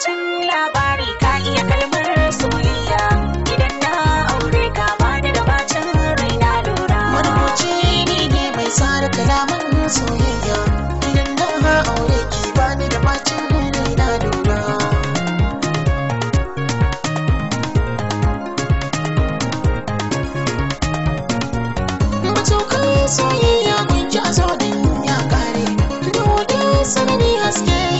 takaitaccen labari ka iya kalmar soyayya idan na aure ka bani da bacin rai na lura marubuci ne ne mai tsara kalaman soyayya idan na aure ki bani da bacin rai na lura Soyayya kun ji a din ya kare, da wuce sanani haske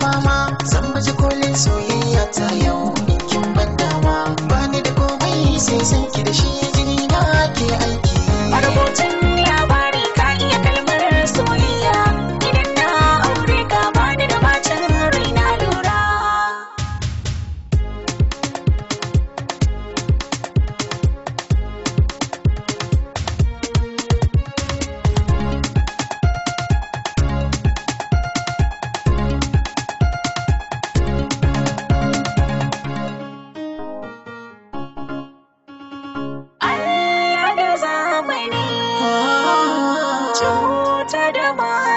fama da